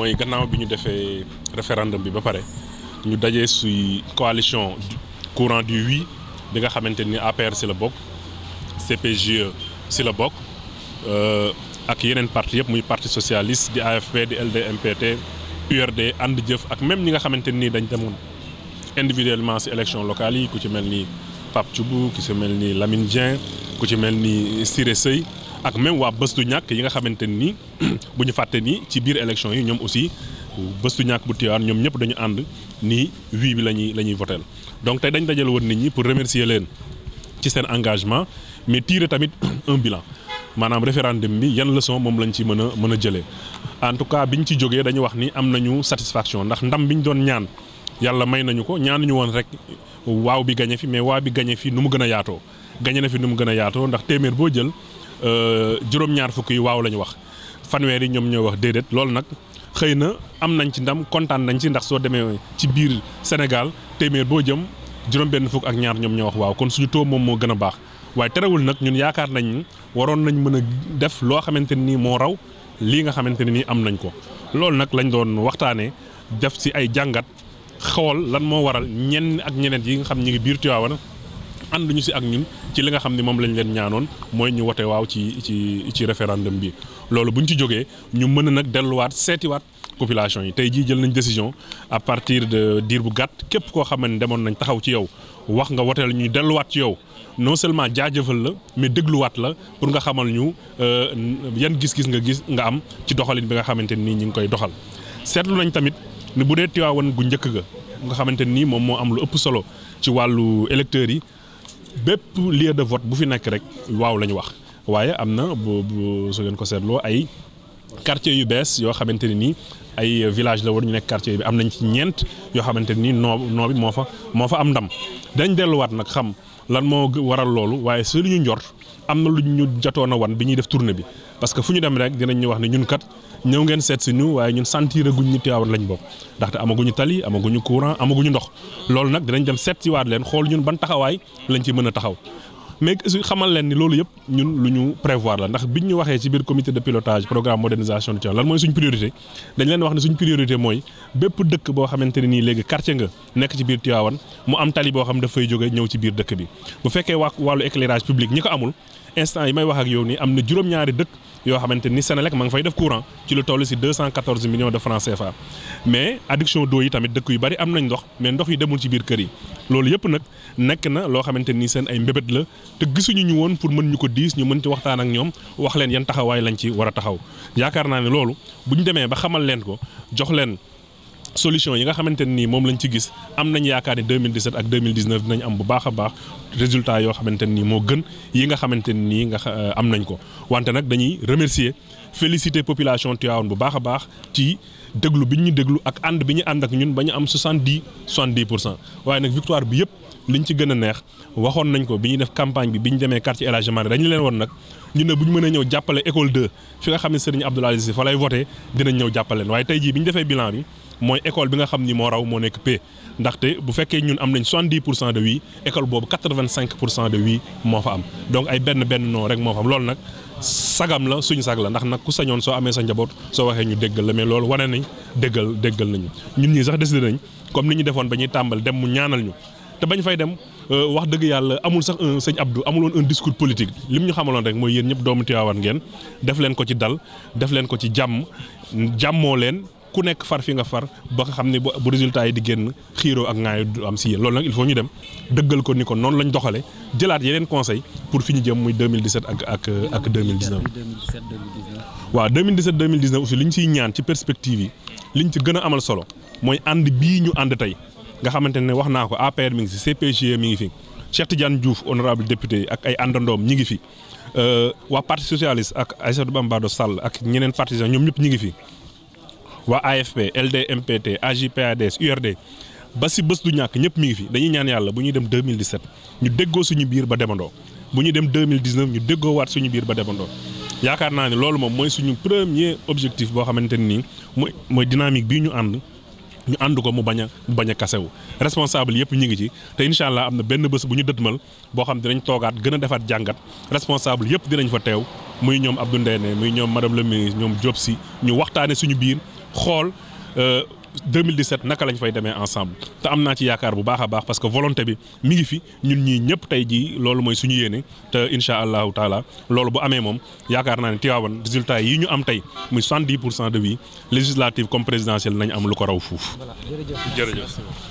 mooy gannaaw bi ñu defee référendum bi ba pare ñu dajee suy coalition courant du oui bi nga xamante ni APR ci la bokk CPGE si la bokk e euh, ak yeneen parti yëpp muy parti socialiste di AFP di LDMPT URD ànd jëf ak même ñi nga xamante ni dañ demoon individuellement si élection locale yi ku ci mel ni Pape Thioub ku ci mel ni Lamine Dieng ku ci mel ni Siré Seye ak même waa bëstu ñàkk yi nga xamante ni bu ñu fàtte ni ci biir élection yi ñoom aussi bëstu ñàkk bu Tivaouane ñoom ñëpp dañu ànd nii wii bi la ñuy la ñuy voteel donc tey dañ dajal woon nit ñi pour remercier leen ci seen engagement mais tiire tamit un bilan maanaam référendum bi yan leçon moom lañ ci mën a mën a jëlee en tout cas biñ ci jógee dañu wax ni am nañu satisfaction ndax ndam biñ doon ñaan yàlla may nañu ko ñaanuñu woon rek waaw bi gañe fi mais waa bi gañe fi nu mu gën a yaatoo gañe na fi nu mu gën a yaatoo ndax téeméer boo jël Euh, juróom-ñaar fukk yi waaw la ñu wax fanweer yi ñoom ñoo wax déedéet loolu nag xëy na am nañ ci ndam kontaan nañ ci ndax soo demee ci biir Sénégal téeméer boo jëm juróom-benn fukk ak ñaar ñoom ñoo wax waaw kon suñu too moom moo gën a baax waaye terewul nag ñun yaakaar nañ waroon nañ mën a def loo xamante nii moo raw lii nga xamante ne nii am nañ ko loolu nag lañ doon waxtaanee def ci ay jàngat xool lan moo waral ñenn ak ñeneen yi nga xam ñi ngi biir Tivaouane ànduñu ci ak ñun. ci li nga xam ne moom lañ leen ñaanoon mooy ñu wote waaw ci ci ci référendum bi loolu bu ñu ci jógee ñu mën a nag delluwaat seetiwaat population yi tey jii jël nañ décision à partir de diir bu gàtt képp koo xam ne demoon nañ taxaw ci yow wax nga woteel ñu delluwaat ci yow non seulement jaajëfal la mais dégluwaat la pour nga xamal ñu euh, yan gis-gis nga gis nga am ci doxalin bi nga xamante nii ñu ngi koy doxal seetlu nañ tamit ne bu dee Tiwaawan gu njëkk ga nga xamante nii moom moo am lu ëpp solo ci wàllu électeurs yi bépp lieu de vote bu fi nekk rek waaw la ñu wax waaye am na bu bu su ko seetloo ay quartier yu bees yoo xamante ni nii ay village la woon ñu nekk quartier bi am nañ ci ñeent yoo xamante ni noo noo bi moo fa moo fa am ndam dañ delluwaat nag xam lan moo waral loolu waaye su ñu njor am na lu ñu jatoon a wan bi ñuy def tournée bi parce que fu ñu dem rek dinañ ñu wax ne ñun kat ñëw ngeen seet si ñu waaye ñun sentir guñ ñu Tiwaawan lañ boo ndaxte amaguñu tali amaguñu courant amaguñu ndox loolu nag danañ dem seet si waat leen xool ñun ban taxawaay lañ ci mën a taxaw mais su xamal leen ni loolu yëpp ñun lu ñu prévoir la ndax biñ ñu waxee ci biir comité de pilotage programme modernisation du Tivaouane lan mooy suñ priorité dañ leen wax ne suñ priorité mooy bépp dëkk boo xamante ne nii léegi quartier nga nekk ci biir Tivaouane mu am tali boo xam dafay jóge ñëw ci biir dëkk bi bu fekkee waa wàllu éclairage public ñi ko amul instant yi may wax ak yow nii am na juróom-ñaari dëkk yoo xamante ni Sénélec ma nga fay def courant ci lu toll si 214 millions de francs CFA mais adduction d'eau yi tamit yu bari am nañ ndox mais ndox yi demul ci biir kër yi loolu yëpp nag nekk na loo xamante ni seen ay mbébét la te gisuñu ñu woon pour mën ñu ko diis ñu mën ci waxtaan ak ñoom wax leen yan taxawaay lañ ci war a taxaw yaakaar naa ne loolu bu ñu demee ba xamal leen ko jox leen solution yi nga xamante ne nii moom lañ ci gis am nañ yaakaar ni 2017 ak 2019 dinañ am bu baax a baax résultat yoo xamante ne nii moo gën yi nga xamante ne nii nga euh, am nañ ko wante nag dañuy remercier féliciter population Tivaouane bu baax a baax ci déglu bi ñu déglu ak ànd bi ñu ànd ak ñun ba ñu am 70 70 pour cent waaye nag victoire bi yëpp liñ ci gën a neex waxoon nañ ko bi ñu def campagne bi bi ñu demee quartier El Hadj dañu leen woon nag ñu ne bu ñu ñëw jàppale école 2 nga xam ne Serigne Abdoul dinañ ñëw jàppale leen tey jii bi ñu defee bilan bi mooy école bi nga xam ni moo raw moo nekk P ndaxte bu fekkee ñun am nañ soixante-dix pour cent de oui école boobu quatre-vingt-cinq pour cent de oui moo fa am donc ay benn benn noo rek moo fa am loolu nag sagam la suñ sag la ndax nag ku sañoon soo amee sa njaboot soo waxee ñu déggal la mais loolu wane nañ déggal déggal nañu ñun ñii sax décidé nañ comme ni ñu defoon ba ñuy tàmbal dem mu ñaanal ñu te bañ fay dem euh, wax dëgg yàlla amul sax un sëñ Abdou amul woon un discours politique ñu xamaloon rek mooy yéen ñëpp doomu Tiwaawan ngeen def leen ko ci dal def leen ko ci jàmm jàmmoo leen ku nekk far fi nga far ba nga xam ne bu résultat yi di génn xiiroo ak ŋaayo am si yéen loolu nag il faut ñu dem dëggal ko ni ko noonu lañ doxale jëlaat yeneen conseil pour fi ñu jëm muy 2017 ak ak ak 2019 waaw 2017 2019 aussi li ñu ñaan ci perspective liñ ci gën amal solo mooy ànd bii ñu ànd tey nga xamante ne wax naa ko APR mi ngi fi CPG e mi ngi fi Cheikh Tidiane Diouf honorable député ak ay àndandoom ñi ngi fi euh, waa parti socialiste ak Aïssatou Bamba Diaw Sall ak ñeneen partisans ñoom ñëpp ñi ngi fi waa AFP LDMPT AJPADS URD ba si bés du ñàkk ñëpp mi ngi fi dañuy ñaan yàlla bu ñuy dem 2017 ñu déggoo suñu biir ba demandoo bu ñu dem 2019 ñu déggoo waat suñu biir ba demandoo yaakaar naa ne loolu moom mooy suñu premier objectif boo xamante ne nii mooy mooy dynamique bii ñu ànd ñu ànd ko mu bañ a bañ a kasewu responsable yëpp ñu ngi ci te incha allah am na benn bës bu ñu dëtmal boo xam dinañ toogaat gën a defaat jàngat responsable yëpp dinañ fa teew muy ñoom Abdou Ndéné muy ñoom madame le ministre ñoom Diop si ñu waxtaane suñu biir xool 2017 euh, naka lañu fay demee ensemble te am naa ci yaakaar bu baax a baax parce que volonté bi mi ngi fi ñun ñii ñëpp tey jii loolu mooy suñu yéene te incha allahu taala loolu bu amee moom yaakaar naa ne Tivaouane résultat yi ñu am tey muy 70 pour cent de vie législative comme présidentielle nañ am lu ko raw fuuf. jërëjëf jërëjëf.